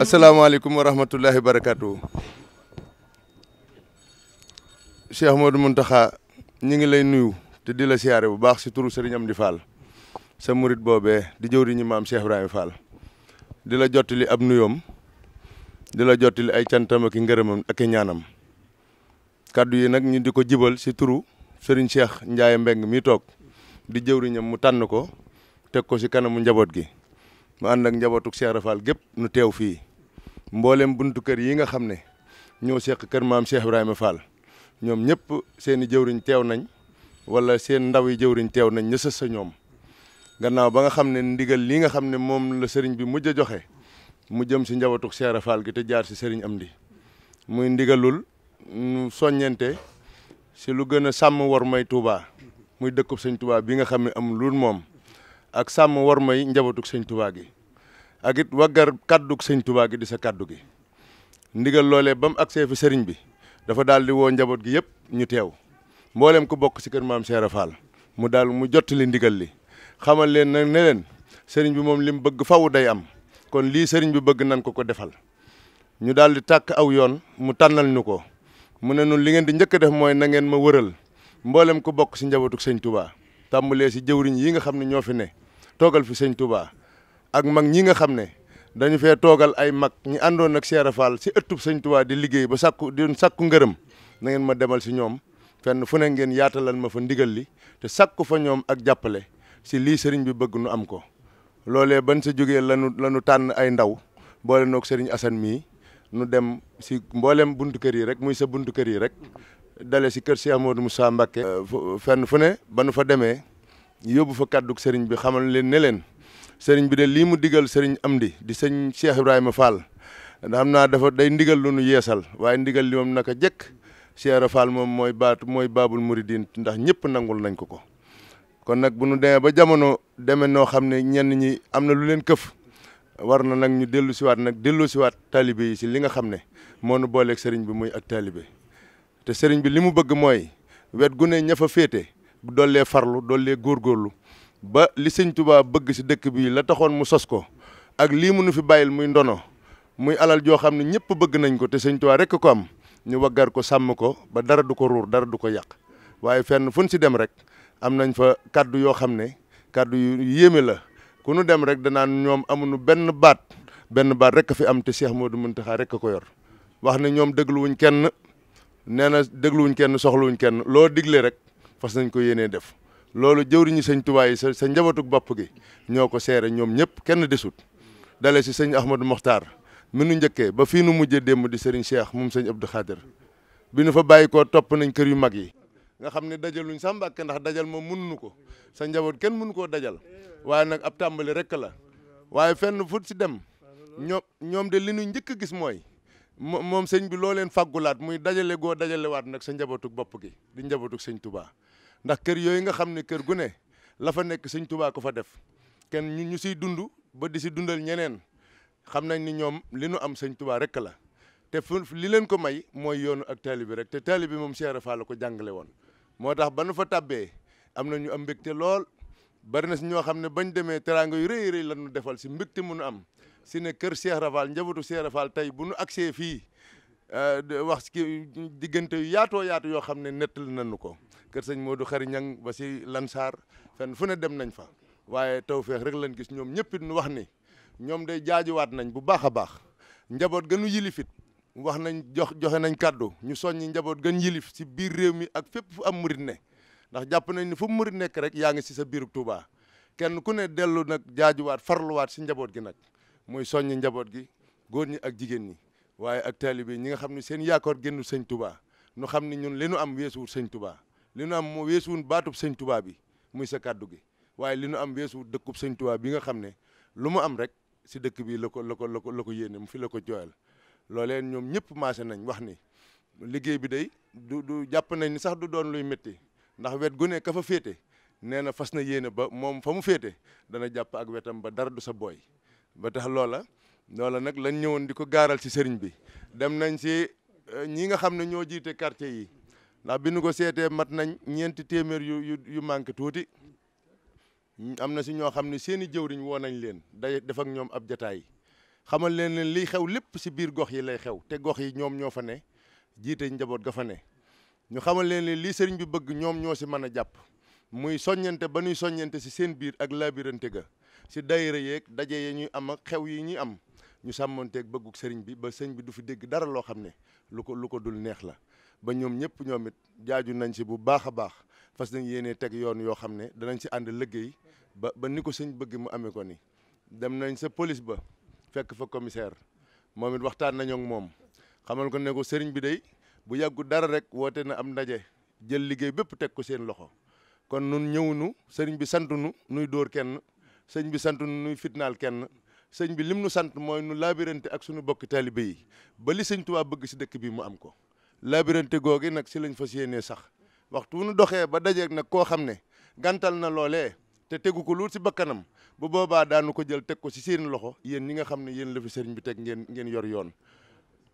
asalaamaaleykum wa rahmatullahi wa barakaatu. Cheikh Modou Mountakha ñu ngi lay nuyu te di la siyaare bu baax si turu Serigne Amdi Fall sa murit boobee di jëwriñu maam Cheikh Ibrahima Fall di la jottali ab nuyoom di la jottali ay cantam ak i ak ñaanam kaddu yi nag ñu di ko jibal si turu Serigne Cheikh Ndiaye Mbeng mi toog di jëwriñam mu tànn ko teg ko si kanamu njaboot gi mu ànd ak njabootuk Cheikh Rafal gépp nu teew fii mboolem buntu kër yi nga xam ne ñëw seq kër maam Cheikh Ibrahima Fall ñoom ñëpp seen i jëwriñ teew nañ wala seen ndaw yi jëwriñ teew nañ ñësës sa ñoom gannaaw ba nga xam ne ndigal lii nga xam ne moom la sëriñ bi mujj a joxe mu jëm si njabootu Cheikh Fall gi te jaar si sëriñ am Amdi muy ndigalul ñu soññente si lu gën a sàmm war may Touba muy dëkku sëñ Touba bi nga xam ne am lu moom ak sàmm war may njabootu sëñ Touba gi. ak it waggar kaddu sëñ Tuubaa gi di sa kàddu gi ndigal loole ba mu agsee fi sëriñ bi dafa daal di woo njaboot gi yëpp ñu teew mboolem ku bokk si kër maam Cheikh Fall mu daal mu jottali ndigal li xamal leen nag ne leen sëriñ bi moom li mu bëgg faw day am kon lii sëriñ bi bëgg nan ko ko defal ñu daal di tàkk aw yoon mu tànnal ñu ko mu ne nun li ngeen di njëkk a def mooy na ngeen ma wëral mboolem ku bokk si njabootu sëñ Tuubaa tàmbalee si jëwriñ yi nga xam ne ñoo fi ne toogal fi sëñ Tuubaa ak mag ñi nga xam ne dañu fee toogal ay mag ñi àndoon ak Cheikh Fall si ëttub Sëñ Tuubaa di liggéey ba sàkku di sàkku ngërëm nangeen ma demal si ñoom fenn fu ne ngeen yaatalal ma fa ndigal li te sàkku fa ñoom ak jàppale si lii sëriñ bi bëgg nu am ko loolee ban sa jógee lanu lanu tànn ay ndaw boole noog sëriñ Assane mii nu dem si mboolem buntu kër yi rek muy sa buntu kër yi rek dale si kër Cheikh Modou Moussa Mbacké fenn fu ba nu fa demee yóbbu fa kàddug sëriñ bi xamal leen ne leen sëriñ bi de lii mu digal sëriñ am di di sëñ Cheikh Ibrahima Fall xam naa dafa day ndigal lu nu yeesal waaye ndigal li moom naka jëkk Cheikh Ibra moom mooy baatu mooy baabul muridin ndax ñëpp nangul nañ ko ko kon nag bu nu demee ba jamono demee noo xam ne ñenn ñi am na lu leen këf war na nag ñu dellu siwaat nag dellu siwaat taalibe yi si li nga xam ne moo nu booleeg sëriñ bi muy ak taalibe te sëriñ bi li mu bëgg mooy wet gu ne ña fa féete dollee farlu dollee góorgóorlu ba li sëñ tubaa bëgg si dëkk bii la taxoon mu sos ko ak lii mu nu fi bàyyil muy ndono muy alal joo xam ne ñëpp bëgg nañ ko te sëñ Tuubaa rek ko am ñu waggar ko sàmm ko ba dara du ko ruur dara du ko yàq waaye fenn fu ñu si dem rek am nañ fa kàddu yoo xam ne kàddu yu yéeme la ku nu dem rek danaan ñoom amu amuñu benn baat benn baat rek a fi am te Cheikh Modou Mountakha rek a ko yor wax ne ñoom dégluwuñ kenn nee na dégluwuñ kenn soxluwuñ kenn loo digle rek fas nañ ko yéenee def. loolu jëwriñu sëñ Tuubaa yi sa sa bopp gi ñoo ko seere ñoom ñëpp kenn desut dale si sëñ Ahmadou Mokhtar mi nu njëkkee ba fii nu mujjee démb di sëriñ Cheikh moom sëñ Abdou Khadir bi nu fa bàyyi koo topp nañ kër yu mag yi nga xam ne dajaluñ sa Mbàkke ndax dajal moom mënuñu ko sa njaboot kenn mënu koo dajal waaye nag ab tàmbali rek la waaye fenn fu si dem ñoom ñoom de li nu njëkk a gis mooy moom sëñ bi loo leen faggulaat muy dajale goo dajalewaat nag sa njabootug bopp gi di njabootug sëñ ndax kër yooyu nga xam ne kër gu ne la fa nekk sëñ tubaa ko fa def kenn ñu ñu siy dund ba di si dundal ñeneen xam nañ ni ñoom li nu am sëñ Tuubaa rek la te fu li leen ko may mooy yoonu ak taali bi rek te taali bi moom Cheikh Fall la ko jàngale woon moo tax ba nu fa tàbbee am na ñu am mbégte lool bari na si ñoo xam ne bañ demee teraanga yu rëy rëy la ñu defal si mbégte mu nu am si ne kër Cheikh Fall njabootu Cheikh Fall tey bu nu agsee fii Euh, wax ki diggante yu yaato yaatu yoo xam ne nettali nañu ko kër sëñ Modou Khary Niang ba si Lansar fenn fu ne dem nañ fa waaye tew tawféex rek lan gis ñoom ñëpp wax ni ñoom day jaajuwaat nañ bu baax a baax njaboot gënu yilifit wax nañ jox joxe nañ kàddu ñu soññi njaboot gën yilif si biir réew mi ak fépp fu am murit ne ndax jàpp nañ ni fu murit nekk rek yaa ngi si sa biiru Touba kenn ku ne dellu nag jaajuwaat farluwaat si njaboot gi nag muy soññi njaboot gi góor ñi ak jigéen ñi waaye ak taalibe ñi nga xam ne seen yaakoor génnu sëñ Touba nu xam ne ñun li nu am weesuwul sëñ Touba li nu am moo weesuwul baatub sëñ Touba muy sa kàddu gi waaye li nu am weesuwul dëkkub sëñ Touba bi nga xam ne lu mu am rek si dëkk bi la ko la ko la ko la ko yéene mu fi la ko jooyal loolee ñoom ñëpp maase nañ wax ni liggéey bi day du du jàpp nañ ni sax du doon luy metti ndax wet gu ne fa féete nee na fas na yéene ba moom fa mu féete dana jàpp ak wetam ba dara du sa booy ba tax loola loola nag lañ ñëwoon di ko gaaral ci sëriñ bi dem nañ si eh, ñii nga xam ne ñoo jiite quartier yi ndax bi nu ko seetee mat nañ ñeenti téeméer yu yu yu manqué tuuti am na si ñoo xam ne seeni jëwriñ woo nañ leen day def ak ñoom ab jataay xamal leen lii xew lépp si biir gox yi lay xew te gox yi ñoom ñoo fa ne jiite njaboot ga fa ne ñu xamal leen ne lii sëriñ bi bëgg ñoom ñoo si mën a jàpp muy soññante ba ñuy soññante si seen biir ak labirante ga si daayira yeeg daje yi ñuy am ak xew yi ñuy am ñu sàmmonteeg bëgguk sëriñ bi ba sëñ bi du fi dégg dara loo xam ne lu ko lu ko dul neex la ba ñoom ñëpp ñoom it jaaju nañ si bu baax a baax fas nañ yéenee teg yoon yoo xam ne danañ si ànd liggéey ba ba ni ko sëñ bëgg mu amee ko ni dem nañ sa police ba fekk fa commissaire moom it waxtaan nañoo moom xamal ko ne ko sëriñ bi day bu yàggu dara rek woo woote na am ndaje jël liggéey bépp teg ko seen loxo kon nun ñëwunu sëñ bi sant nuy fitnaal kenn sëñ bi lim nu sant mooy nu laabirante ak suñu bokki taalibe yi ba li sëñ Tuubaa bëgg si dëkk bi mu am ko laabirante googi nag si lañ fas yéenee sax waxtu nu doxee ba dajeeg nag koo xam ne gantal na loolee te tegu ko luul si bakkanam bu boobaa daanu ko jël teg ko si seeni loxo yéen ñi nga xam ne yéen la fi sëriñ bi teg ngeen ngeen yor yoon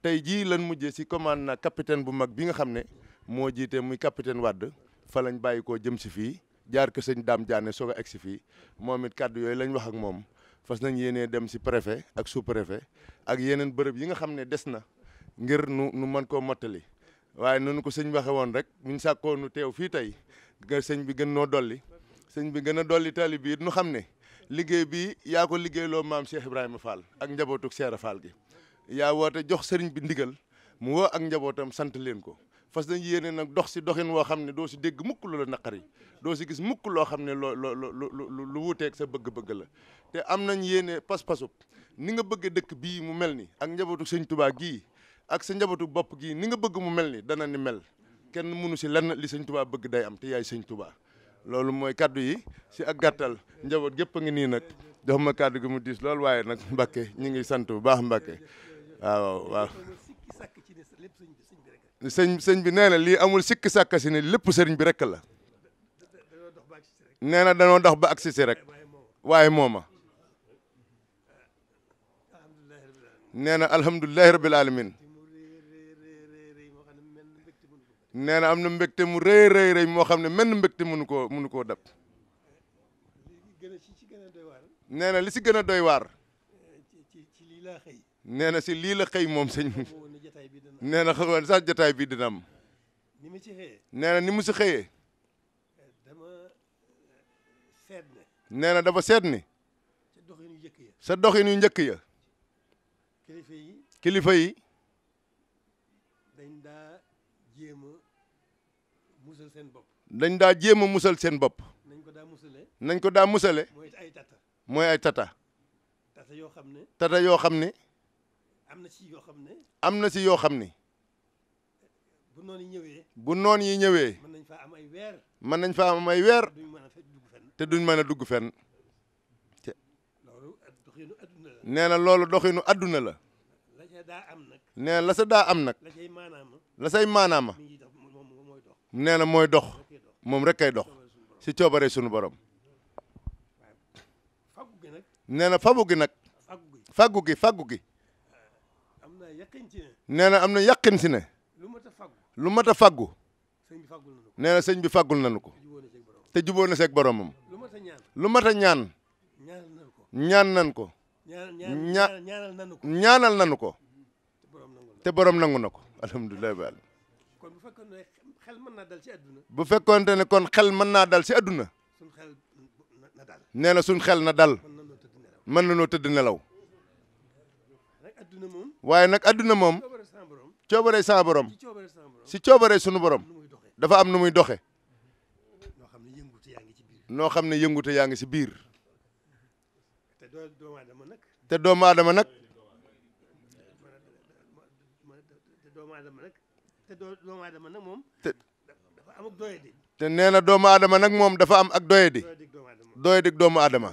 tey jii lan mujjee si commande na capitaine bu mag bi nga xam ne moo jiitee muy capitaine Wade fa lañ bàyyi koo jëm si fii jaar ko sëñ Dame Diané soog a si fii moom it kàddu yooyu lañ wax ak moom fas nañ yéenee dem si préfet ak sous préfet ak yeneen bërëb yi nga xam ne des na ngir nu nu mën koo mottali waaye nunu ko sëñ waxe woon rek ñu sàkkoo nu teew fii tey nga sëñ bi gën noo dolli sëñ bi gën a dolli tali bi nu xam ne liggéey bi yaa ko liggéeyloo maam Cheikh Ibrahima Fall ak njabootug Cheikh faal gi yaa woote jox sëriñ bi ndigal mu woo ak njabootam sant leen ko fas dañu yéene nag dox si doxin woo xam ne doo si dégg mukk lu la naqari doo si gis mukk loo xam ne loo loo lu wuteek sa bëgg-bëgg la te am nañ yéene pas ni nga bëgg dëkk bii mu mel ni ak njabootu sëñ tubaa gii ak sa njabootu bopp gii ni nga bëgg mu mel ni dana ni mel kenn mënu si lenn li sëñ Tuubaa bëgg day am te yaay sëñ tubaa loolu mooy kàddu yi si ak gàttal njaboot gépp a ngi nii nag jox ma kaddu gi mu diis loolu waaye nag Mbàkke ñu ngi sant bu baax Mbàkke sëñ sëñ bi nee na lii amul sikki sàkka si ne lépp sëriñ bi rek la nee na danoo dox ba agsi si rek waaye mooma nee na alhamdulilahi rabil alamin nee na am na mbégte mu rëy rëy moo xam ne menn mbégte mënu koo mënu koo dab nee na li si gën a doy waar nee na si lii la moom sëñ bi nee na xawoon sax jotaay bi dina am. ni mu si xëyee. nee ni mu si dama eh, seet ne. nee na dafa seet ni. sa doxin yu njëkk ya. sa doxin yu njëkk ya. kilifa yi. kilifa yi. dañ daa jéem a musal seen bopp. dañ daa jéem a musal seen bopp. nañ ko daa musale. nañ ko daa musale. mooy ay tata. mooy ay tata. tata yoo xam ne. tata yoo xam ne. am na si yoo xam ne. am na si yoo xam ne. bu noon yi ñëwee. bu noon yi ñëwee. mën nañ faa am ay weer. mën nañ faa am ay weer. te duñ mën a dugg fenn. te nee na loolu doxinu adduna la. nee na la sa daa am nag. la say maanaama. nee na mooy dox. moom rek ay dox. si coobare sunu borom. nee na fabu gi nag. faggu gi faggu gi. nee na am na yàqin si ne. lu mat a fàggu nee na sëñ bi fàggul nañu ko te jubóo na seeg moom lu mat a ñaan ñaan nañ ko ñaa ñaanal nañu ko te borom nangu na ko alhamdulilah bi àll bu fekkoonte ne kon xel mën naa dal si àdduna nee na suñ xel na dal mën na noo tëdd nelaw waaye nag àdduna moom coobare sa borom si coobare sunu borom dafa am nu muy doxe mm-hmm. noo xam ne yëngute yaa ngi si biir te doomu aadama nag te doomu aadama nag moom dafa am ak doyadi te nee na doomu aadama nag moom dafa am ak doyadi doyadi doomu aadama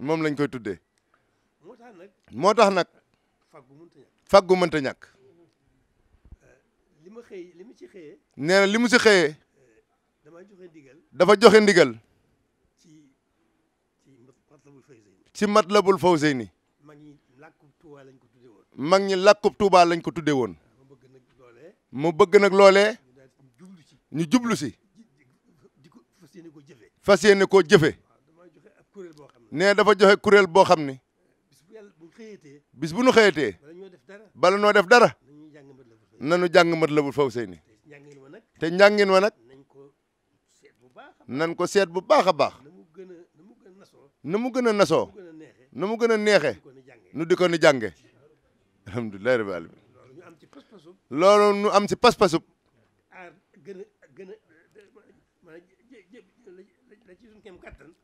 moom lañ koy tuddee moo tax nag faggu mënta ñàkk ma xëy li mu ci xëyee. nee eh, li mu ci xëyee. dama joxe ndigal. dafa joxe ndigal. ci ci matlabul fawzeyni. ci matlabul fawzeyni. mag ñi làkkub Tuuba lañ ko tuddee woon. mag ñi làkkub Tuuba lañ ko tuddee woon. mu bëgg nag loolee. mu bëgg nag loolee. ñu jublu si. ñu jublu si. di ko fas yéene koo jëfee. fas yéene koo jëfee. nee dafa joxe kuréel boo xam ne. Eh, bis bu nu xëyatee. bala noo def dara. nanu la jàng Matlabul Fawzayni te njàngin wa nag nan ko seet bu baax a baax na mu gën a nasoo na mu gën a neexee nu di ko ni jànge alhamdulilah rabbil alamin loolu nu am ci pas-pasub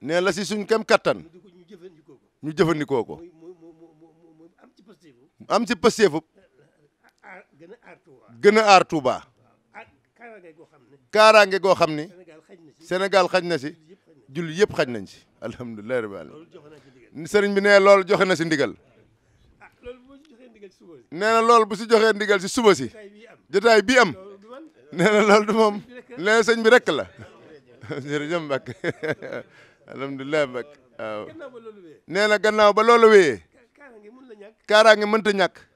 ne la si suñ kem kattan ñu jëfandikoo ko mu am ci pasteefub gën a aar ah, kaaraange goo xam ni Sénégal xaj na si. julli yëpp xaj nañ si. alhamdulilah rabbil alamin sëriñ bi nee lool joxe na ah, si ndigal. nee na loolu bu si joxe ndigal si suba si. jotaay bii am. nee na loolu du moom nee sëñ bi rek la. jërëjëf Mbacke alhamdulilah nee na gannaaw ba loolu wéyee. kaaraange mënta ñàkk.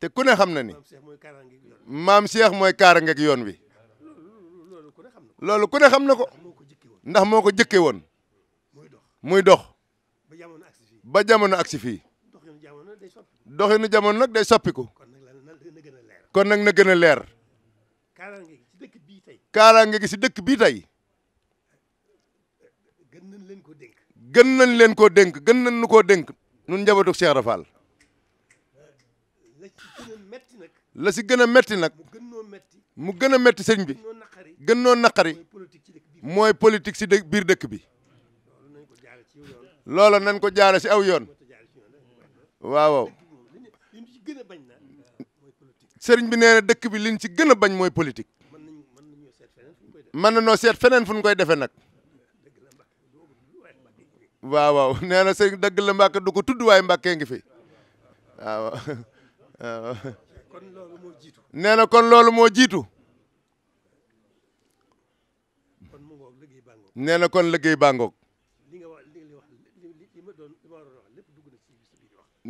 te ku ne xam na ni maam Cheikh mooy kaaraange ak yoon wi loolu ku ne xam na ko ndax moo ko jëkkee woon muy dox ba jamono aksi fii doxinu jamono nag day soppiku kon nag na gën a leer kaaraange gi si dëkk bii tey gën nañ leen ko dénk gën nañ leen koo dénk gën nañ nu koo dénk nun njabootu Cheikh Rafal la si gën a metti nag mu gën a metti sëñ bi gën noo naqari mooy politique si dë biir dëkk bi loola nañ ko jaare si aw yoon waaw waaw sëriñ bi nee na dëkk bi liñ ci gën bañ mooy politique mën na noo seet feneen fu ñu koy defee nag waaw waaw nee na sëriñ dëgg la Mbàkke du ko tudd waaye Mbàkke ngi fi waaw nee na kon loolu moo jiitu nee na kon liggéey bàngoog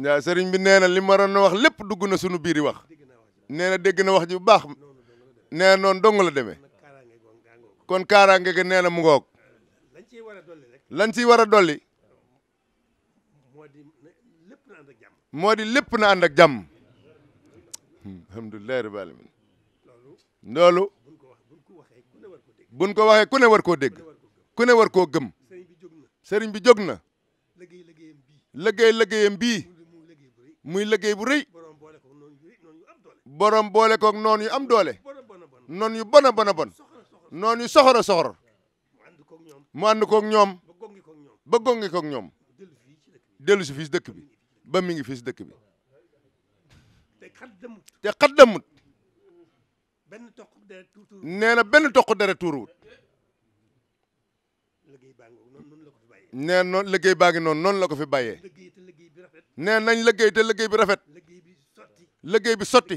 waaw sëriñ bi nee na li ma waroon a wax lépp dugg na sunu biir yi wax nee na dégg na wax ji bu baax nee na noonu dong la demee kon kaaraange ga nee na mu ngoog lan ciy war a dolli moo di lépp na ànd ak jàmm alhamdulilah rabbil alamin loolu buñ ko waxee ku ne war koo dégg ku ne war koo gëm sëriñ bi jóg na liggéey liggéeyam bii muy liggéey bu rëy borom boole koog noonu yu am doole noonu yu bon a bon noon bon noonu yu soxor a soxor mu ànd koog ñoom ba gongi koog ñoom dellu si fii si dëkk bi ba mi ngi fii si dëkk bi te xat demut te xat demut benn toq deret tuuruwut nee na benn toq deret tuuruwut nee noonu liggéey baa ngi noonu noonu la ko fi bàyyee nee nañ liggéey te liggéey bi rafet liggéey bi sotti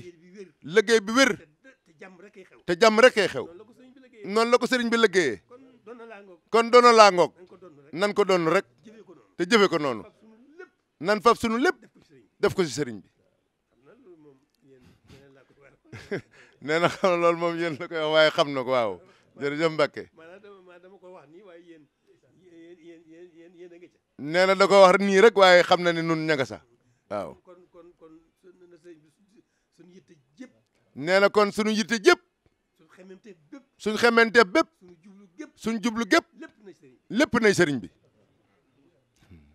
liggéey bi wér te jàmm rek ay xew noonu la ko sëriñ bi liggéeyee kon doona laa ngoog nan ko doon rek te jëfe ko noonu nan fab sunu lépp def ko si sëriñ bi nee na xam loolu moom yéen waaye xam na ko waaw jërëjëf Mbacke. nee na da ko wax nii rek waaye xam na ne nun ña nga sax waaw. nee na kon suñu yitte jëpp. suñu xemente bépp. suñu jublu gépp. lépp nay sëriñ bi. Hmm.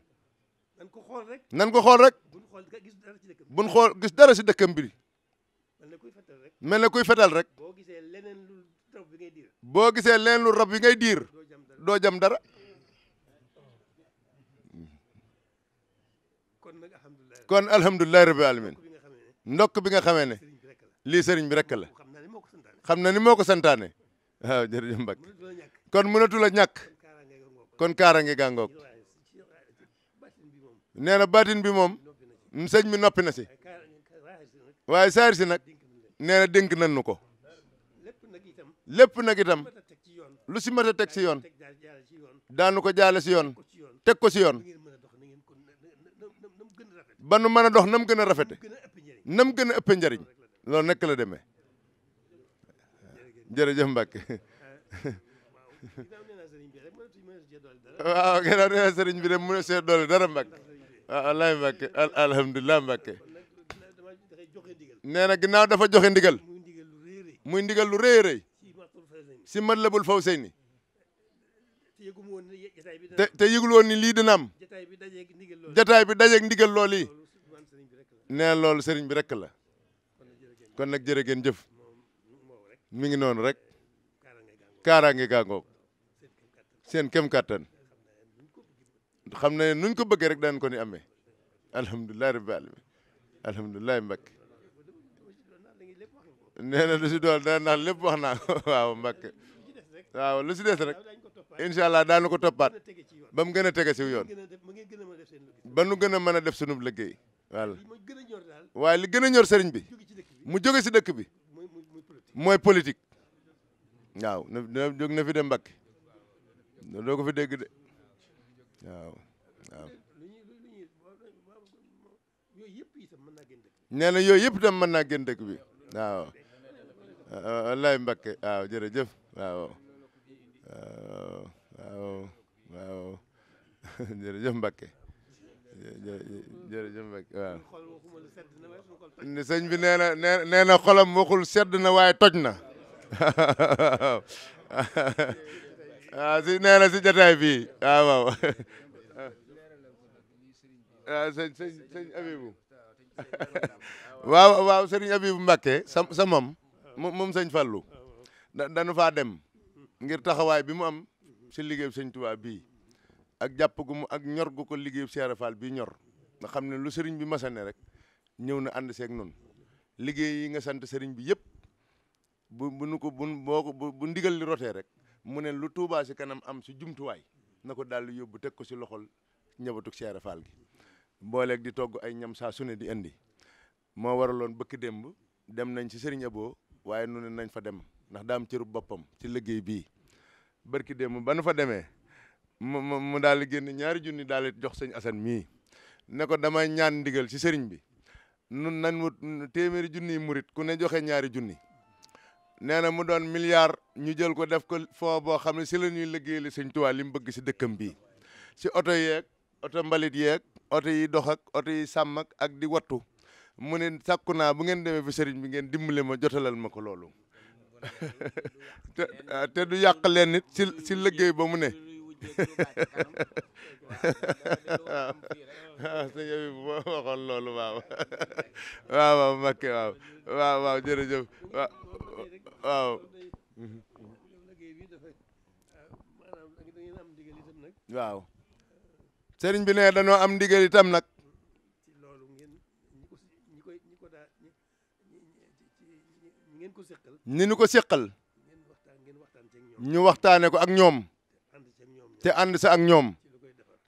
nan ko xool rek. buñ xool gis dara si dëkkam bi. mel ne kuy fetal rek boo gisee leneen lu rab ngay diir boo gisee leneen rab bi ngay diir doo jam dara kon alhamdulilah rabbil alamin ndokk bi nga xamee ne lii sëriñ bi rek la xam na ni moo ko santaane waaw jërëjëf Mbacke kon mënatu la ñàkk kon kaaraange gàngoog nee na baatin bi moom sëñ mi noppi na si waaye saar si nag nee na dénk nañ nu ko lépp nag itam lu si mat a teg si yoon daanu ko jaale si yoon teg ko si yoon ba nu mën a dox nam gën a rafete nam gën a ëpp njariñ loolu nekk la demee jërëjëf Mbacke waaw gannaaw nee na sëriñ bi rek mu ne see doole dara Mbacke waaw wallaay Mbacke alhamdulilah Mbacke nee na ginnaaw dafa joxe ndigal muy ndigal lu rëy a rëy si Matlabul Fawzayni te te yëgul woon lii dina am jataay bi dajeeg ndigal lool yi nee loolu sëriñ bi rek la kon nag jërë ngeen jëf mi ngi noonu rek kaaraange gàngoog seen kem kàttan xam ne nuñ ko bëggee rek daan ko ni amee alhamdulilahi rabbi alamin alhamdulilahi mbakk nee lu si dool dana ndax lépp wax naa waaw Mbàkke waaw lu si des rek incha allah daanu ko toppaat ba mu gën a tege siw yoon ba nu gën a mën a def sunub liggéey voilà waaye li gën ñor sëriñ bi mu jóge si dëkk bi mooy politique waaw na na fi dem Mbàkke ko fi dégg de waaw waaw nee na yooyu yëpp itam mën naa génn dëkk bi waaw wallaay eh, eh, Mbakke waaw jërëjëf waaw waaw waaw jërëjëf Mbakke jërëjëf Mbakke waaw sëñ bi nee na nee na xolam waxul sedd na waaye toj na waaw si nee na si jotaay bii Abibu waaw waaw Abibu Mbakke sa moom sëñ Fallou dañu faa dem ngir taxawaay bi mu am si liggéeyu sëñ Tuubaa bii ak jàpp gu mu ak ñor gu ko liggéeyu Cheikh Fall bii ñor nga xam ne lu sëriñ bi masane rek ñëw na ànd seek noonu liggéey yi nga sant sëriñ bi yëpp bu nu ko bu boo ko bu ndigal li rotee rek mu ne lu Tuubaa si kanam am si jumtuwaay na ko daal di yóbbu teg ko si loxol ñabatug Cheikh Fall gi booleeg di togg ay ñam saa sune di indi moo waraloon bëkk démb dem nañ si sëriñ Abo waaye nu ne nañ fa dem ndax daam cëru boppam ci liggéey bii barki démb ba nu fa demee mu mu daal di génn ñaari junni daal di jox sëñ Assane mii ne ko damay ñaan ndigal si sëriñ bi nun nañ wut téeméeri junniy murit ku ne joxe ñaari junni nee na mu doon milliard ñu jël ko def ko fond boo xam ne si lañuy ñuy liggéeyal sëñ Tuubaa li mu bëgg si dëkkam bii si oto yeeg oto mbalit yeeg oto yi dox ak oto yi sàmmak ak di wattu mu ne sàkku naa bu ngeen demee fi sëriñ bi ngeen dimbale ma jotalal ma ko loolu te te du yàq leen nit si si liggéey ba mu ne waaw sëñ bi boo waxoon loolu am ndigal itam nag ni nu ko séqal ñu waxtaane ko ak ñoom te ànd sa ak ñoom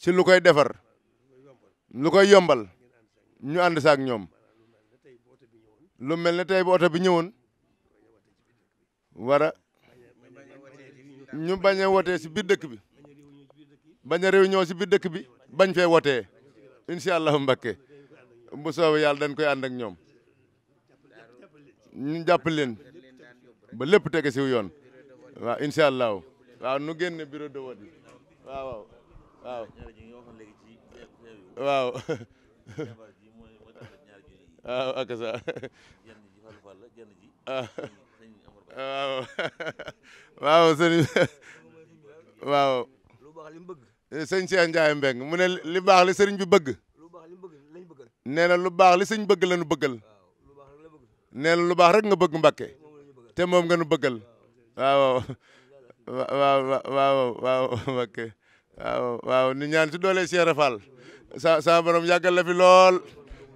ci lu koy defar lu koy yombal ñu ànd sa ak ñoom lu mel ne tey bu oto bi ñëwoon war a ñu bañ a wotee si biir dëkk bi bañ a réunion si biir dëkk bi bañ fee wotee incha allahu mbakke bu soobee yàlla dañ koy ànd ak ñoom ñu jàppale leen ba lépp tege siw yoon waaw incha allahu waaw nu génne bureau de vote yi waaw waaw waaw waaw ak sa waaw waaw sëñ waaw sëñ Cheikh Ndiaye Mbeng mu ne li baax li sëriñ bi bëgg nee na lu baax li sëñ bëgg nu bëggal nee lu baax rek nga bëgg Mbàkke te moom nga nu bëggal waaw waaw waaw waaw Mbàkke waaw ni ñaan si doole Cheikh Fall sa sa borom yàggal la lool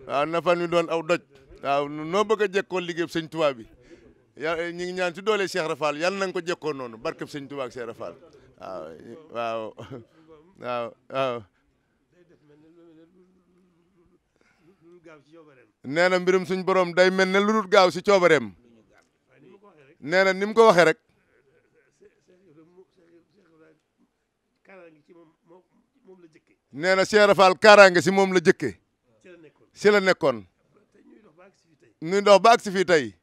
waaw na fan wi doon aw doj waaw noo bëgg a jekkoo liggéey sëñ Tuubaa bi ya eh, ngi ñaan si doole Cheikh Fall yàlla na ko jekkoo noonu barkeb sëñ Tuubaa ak Cheikh Fall nee na mbirum suñ boroom day mel na lu dul gaaw si coobareem nee na ni mu ko waxee rek nee na Cheikh Rafal kaaraange si moom la jëkke si la nekkoon nuy ndox ba si fii tey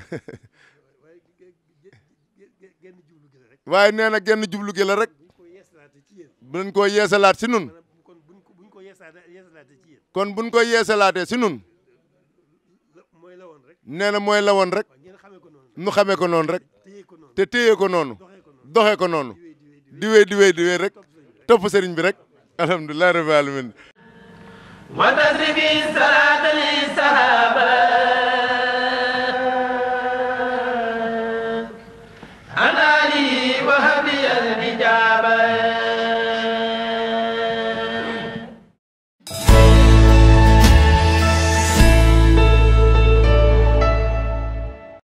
waaye nee na genn jublu gi la rek bu nañ koo yeesalaat si nun kon buñ koy yeesalaatee si nun nee na mooy lawoon rek nu xamee ko noonu rek te téye ko noonu doxee ko noonu di wéy di wéy di rek topp sëriñ bi rek alhamdulilah rabbil alamin wa tasrifi salaatan li